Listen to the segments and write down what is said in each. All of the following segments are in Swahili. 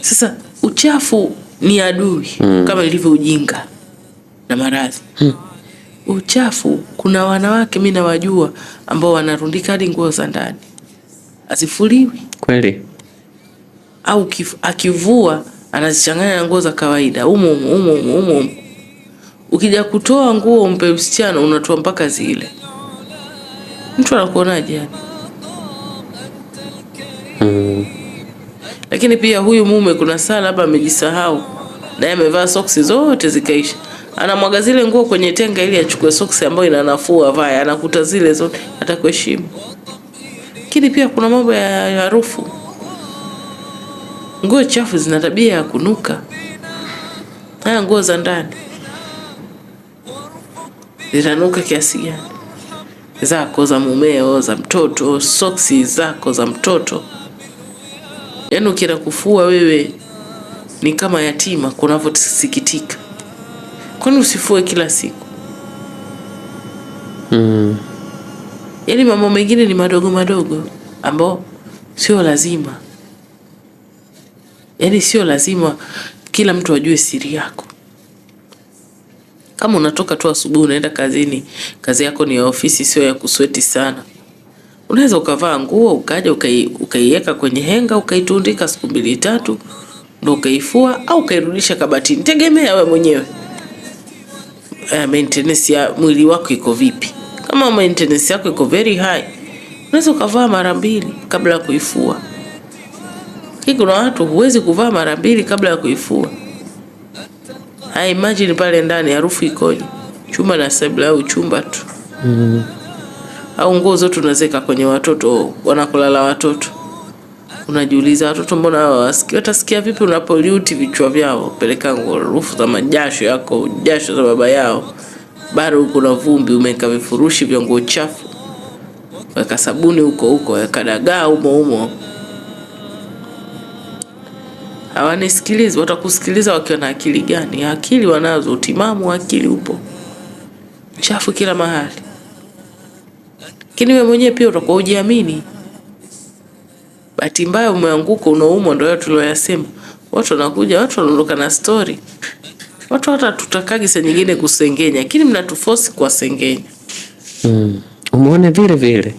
Sasa uchafu ni adui mm. kama ilivyo ujinga na maradhi mm. Uchafu, kuna wanawake mimi nawajua ambao wanarundika hadi nguo za ndani azifuliwi kweli, au kif, akivua anazichanganya na nguo za kawaida umo umo umo umo Ukija kutoa nguo mpe msichana, unatoa mpaka zile, mtu anakuonaje yani? Lakini pia huyu mume kuna saa labda amejisahau, naye amevaa soksi zote zikaisha, anamwaga zile nguo kwenye tenga ili achukue soksi ambayo ina nafuu avae, anakuta zile zote, atakuheshimu. Lakini pia kuna mambo ya harufu. Nguo chafu zina tabia ya kunuka, haya nguo za ndani zitanuka kiasi gani? Zako za mumeo, za mtoto, soksi zako za mtoto. Yaani ukienda kufua wewe ni kama yatima kunavyotisikitika. Kwani usifue kila siku? Mm. Yaani mambo mengine ni madogo madogo ambao sio lazima, yaani sio lazima kila mtu ajue siri yako. Kama unatoka tu asubuhi unaenda kazini, kazi yako ni ya ofisi, sio ya kusweti sana. Unaweza ukavaa nguo ukaja ukaiweka kwenye henga ukaitundika siku mbili tatu, ndo ukaifua au ukairudisha kabatini, tegemea wewe mwenyewe uh, maintenance ya mwili wako iko vipi. Kama maintenance yako iko very high, unaweza ukavaa mara mbili kabla ya kuifua. Kuna watu huwezi kuvaa mara mbili kabla ya kuifua. Hai, imagine pale ndani harufu ikoje? Chuma na sebule au chumba tu. mm -hmm au nguo zote unazeka kwenye watoto wanakulala watoto. Unajiuliza watoto mbona hawasikii? Watasikia vipi unapoliuti vichwa vyao? Peleka nguo, rufu za majasho yako, jasho za baba yao, bado uko na vumbi, umeweka vifurushi vya nguo chafu, weka sabuni huko huko, weka dagaa humo humo. Hawanisikilizi, watakusikiliza wakiwa na akili gani? Akili wanazo, utimamu akili upo, chafu kila mahali lakini wewe mwenyewe pia utakuwa ujiamini. Bahati mbaya umeanguka, unaumwa, ndio tuliyoyasema. Watu wanakuja, watu wanaondoka na story. Watu hata tutakagi saa nyingine kusengenya, lakini mnatuforce kuwasengenya. Mm. Umeona vile vile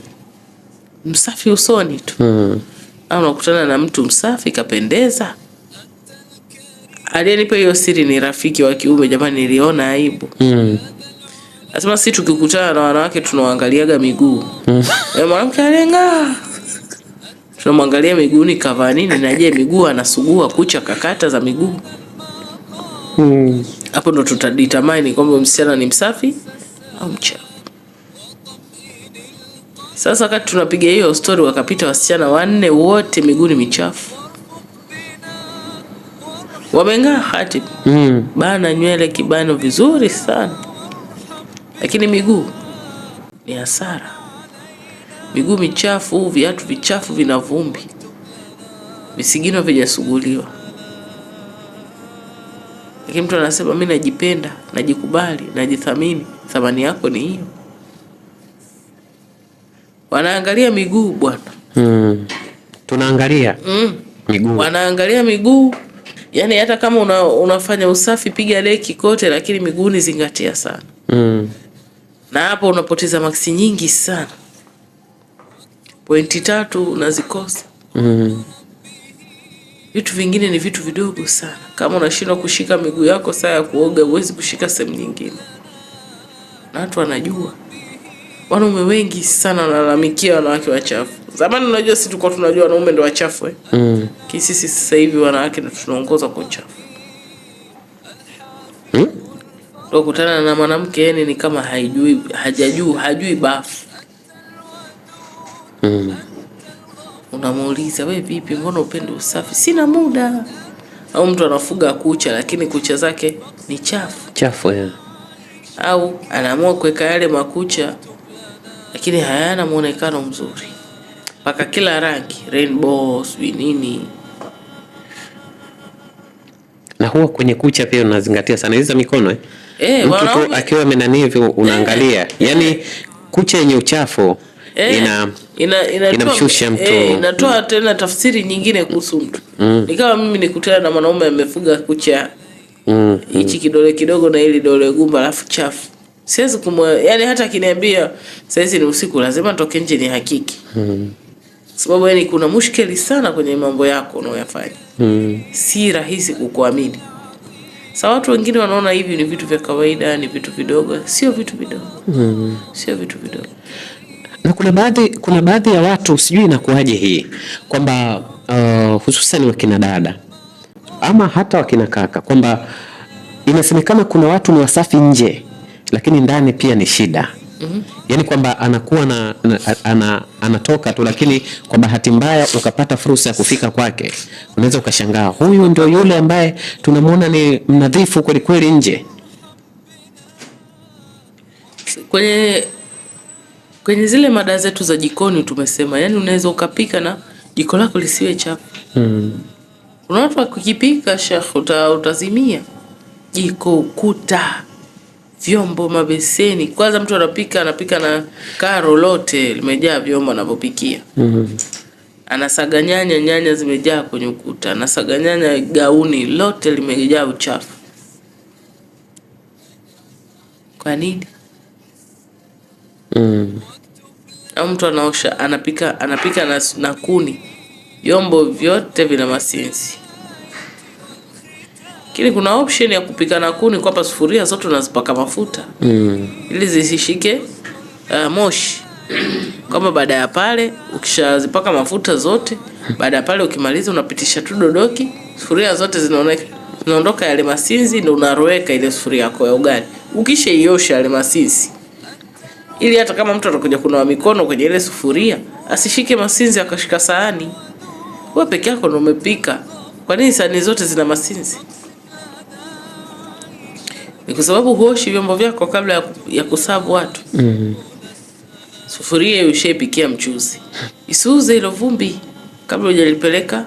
msafi usoni tu mm. Au nakutana na mtu msafi kapendeza. Aliyenipa hiyo siri ni rafiki wa kiume, jamani, niliona aibu mm asema si tukikutana na wanawake tunawaangaliaga miguu mm. mwanamke alenga tunamwangalia miguu ni kavaa nini, na je miguu anasugua kucha kakata za miguu hmm. hapo mm. Ndo tutaditamani kwamba msichana ni msafi au mchafu. Sasa wakati tunapiga hiyo stori, wakapita wasichana wanne wote miguu ni michafu, wameng'aa hati mm. bana nywele kibano vizuri sana lakini miguu ni hasara. Miguu michafu, viatu vichafu vina vumbi, visigino vijasuguliwa. Lakini mtu anasema mimi najipenda, najikubali, najithamini. Thamani yako ni hiyo. Wanaangalia miguu bwana. Mm. Tunaangalia mm. miguu. Wanaangalia miguu. Yaani hata kama una, unafanya usafi piga leki kote, lakini miguuni zingatia sana mm na hapo unapoteza maksi nyingi sana, pointi tatu unazikosa. mm. Vitu vingine ni vitu vidogo sana. Kama unashindwa kushika miguu yako saa ya kuoga, huwezi kushika sehemu nyingine, na watu wanajua. Wanaume wengi sana wanalalamikia wanawake wachafu. Zamani unajua, si tulikuwa tunajua wanaume ndo wachafu eh? mm. Kisisi sasa hivi wanawake ndio tunaongoza kwa uchafu. Kutana na mwanamke yani ni kama haijui hajajui hajui bafu mm. Unamuuliza we, vipi, mbona upende usafi? Sina muda. Au mtu anafuga kucha lakini kucha zake ni chafu chafu, yeah. Au anaamua kuweka yale makucha lakini hayana muonekano mzuri, mpaka kila rangi rainbow, sijui nini na huwa kwenye kucha pia unazingatia sana hizi za mikono eh? eh, mtu tu akiwa amenani hivyo unaangalia eh, eh. yani kucha yenye uchafu eh, ina inamshusha ina mtu eh, mm. inatoa mm. tena tafsiri nyingine kuhusu mtu mm. Nikawa mimi nikutana na mwanaume amefuga kucha mm. hichi mm. kidole kidogo na ili dole gumba alafu chafu siwezi kumwa, yani hata akiniambia saizi ni usiku, lazima toke nje ni hakiki mm. Sababu yani kuna mushkeli sana kwenye mambo yako unayoyafanya mm. si rahisi kukuamini. Sa watu wengine wanaona hivi ni vitu vya kawaida, ni vitu vidogo. Sio vitu vidogo mm. Sio vitu vidogo. Na kuna baadhi kuna baadhi ya watu sijui inakuwaje hii kwamba uh, hususan wakina dada ama hata wakina kaka kwamba inasemekana kuna watu ni wasafi nje, lakini ndani pia ni shida. -hmm. Yani kwamba anakuwa na, na, ana, anatoka tu, lakini kwa bahati mbaya ukapata fursa ya kufika kwake, unaweza ukashangaa huyu ndio yule ambaye tunamwona ni mnadhifu kwelikweli nje kwenye kwenye zile mada zetu za jikoni tumesema, yani unaweza ukapika na jiko lako lisiwe chafu hmm. Kuna watu wakikipika shekh, utazimia jiko ukuta vyombo, mabeseni. Kwanza mtu anapika anapika na karo lote limejaa vyombo anavyopikia. mm -hmm. Anasaga nyanya, nyanya zimejaa kwenye ukuta. Anasaga nyanya, gauni lote limejaa uchafu. Kwa nini? mm. Au mtu anaosha anapika anapika na, na kuni, vyombo vyote vina masinzi. Lakini kuna option ya kupika na kuni kwamba sufuria zote unazipaka mafuta mm. ili zisishike uh, moshi kwamba baada ya pale ukishazipaka mafuta zote, baada ya pale ukimaliza, unapitisha tu dodoki, sufuria zote zinaoneka zinaondoka yale masinzi, ndio unaroweka ile sufuria yako ya ugali. Ukishaiosha yale masinzi, ili hata kama mtu atakuja kunawa mikono kwenye ile sufuria asishike masinzi akashika sahani. Wewe peke yako ndio umepika. Kwa nini sahani zote zina masinzi? ni kwa sababu huoshi vyombo vyako kabla ya kusavu watu mm. Sufuria ushepikia mchuzi, isiuze ilo vumbi kabla hujalipeleka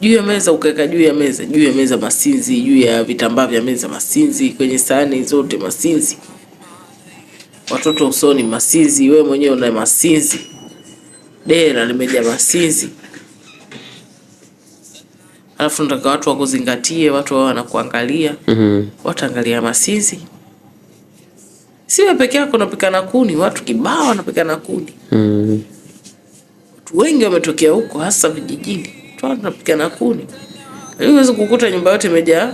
juu ya meza, ukaweka juu ya meza, juu ya meza masinzi, juu ya vitambaa vya meza masinzi, kwenye sahani zote masinzi, watoto usoni masinzi, wewe mwenyewe una masinzi, dera limejaa masinzi alafu nataka watu wakuzingatie, watu wao wanakuangalia mm -hmm. Wataangalia masizi, siwe peke yako unapikana kuni, watu kibao wanapikana kuni mm -hmm. Watu wengi wametokea huko, hasa vijijini, tunapikana kuni. Huwezi kukuta nyumba yote imejaa.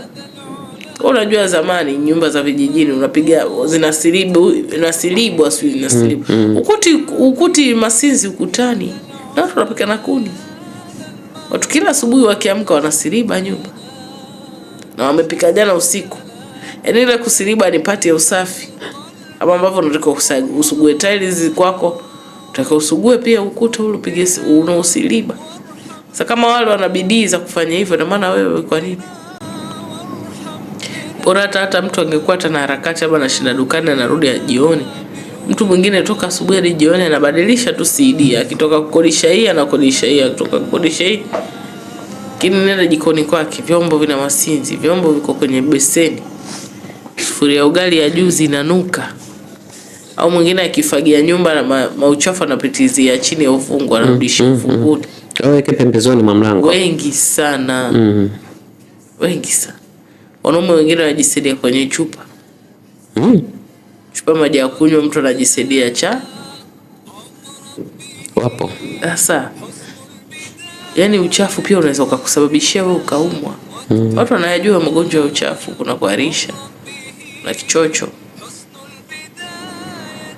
Unajua zamani nyumba za vijijini unapiga zinasilibu inasilibwa sio inasilibu mm -hmm. Ukuti, ukuti masinzi ukutani na watu wanapikana kuni. Watu kila asubuhi wakiamka wanasiriba nyumba na wamepika jana usiku, yaani ile kusiriba ni pati ya usafi, ama ambavyo unataka usugue tiles kwako, unataka usugue pia ukuta ule upige unaosiriba. Sasa kama wale wana bidii za kufanya hivyo, na maana wewe kwa nini? Bora hata hata mtu angekuwa hata na harakati, ama anashinda dukani anarudi jioni mtu mwingine toka asubuhi hadi jioni anabadilisha tu CD, akitoka kukodisha hii anakodisha hii, akitoka kukodisha hii. Lakini nenda jikoni kwake, vyombo vina masinzi, vyombo viko kwenye beseni, sufuria ugali ya juzi inanuka. Au mwingine akifagia nyumba na ma, mauchafu anapitizia chini ya ufungu, anarudisha mm, mm ufunguni mm, aweke pembezoni mwa mlango. Wengi sana mm, wengi sana wanaume wengine wanajisaidia kwenye chupa mm. Chukua maji ya kunywa, mtu anajisaidia cha wapo. Sasa yani uchafu pia unaweza ukakusababishia wewe ukaumwa. Mm. Watu wanayajua magonjwa ya uchafu, kuna kuharisha na kichocho.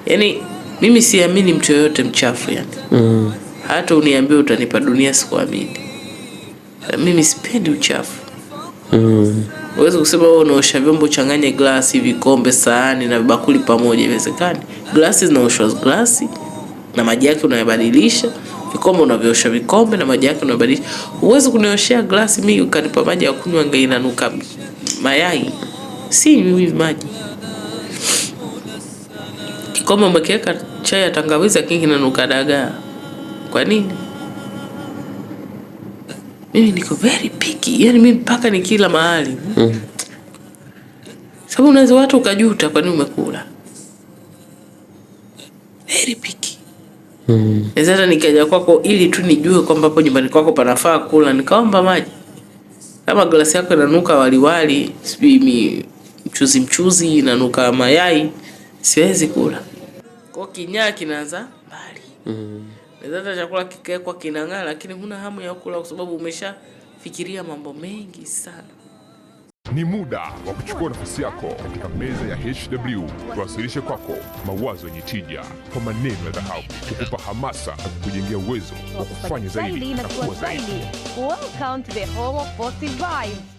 Yani mimi siamini mtu yoyote mchafu yani. Mm. Hata uniambie utanipa dunia sikuamini. Mimi sipendi uchafu. Mm. Huwezi kusema wewe unaosha vyombo uchanganye glasi, vikombe, sahani na bakuli pamoja, iwezekani. Glasi zinaoshwa glasi na maji yake unayabadilisha, vikombe unavyoosha vikombe na maji yake unabadilisha. Huwezi kunioshea glasi mimi ukanipa maji ya kunywa ngainanuka mayai, si mimi maji. Kikombe umekiweka chai ya tangawizi, lakini kinanuka dagaa. Kwa nini? mimi niko very picky, yani mimi mpaka ni kila mahali mm. Sababu unaweza watu ukajuta kwa nini umekula. Very picky mm. Hata nikaja kwako ili tu nijue kwamba hapo nyumbani kwako panafaa kula, nikaomba maji kama glasi yako inanuka waliwali, sijui mchuzi mchuzi, inanuka mayai, siwezi kula. Kwa kinyaa kinaanza mbali mm. Naweza chakula kikaekwa kinang'aa, lakini huna hamu ya kula kwa sababu umeshafikiria mambo mengi sana. Ni muda wa kuchukua nafasi yako katika meza ya HW, tuwasilishe kwako mawazo yenye tija kwa maneno ya dhahabu, kukupa hamasa na kukujengea uwezo wa kufanya zaidi na kuwa zaidi. Welcome to the Hall of positive vibes.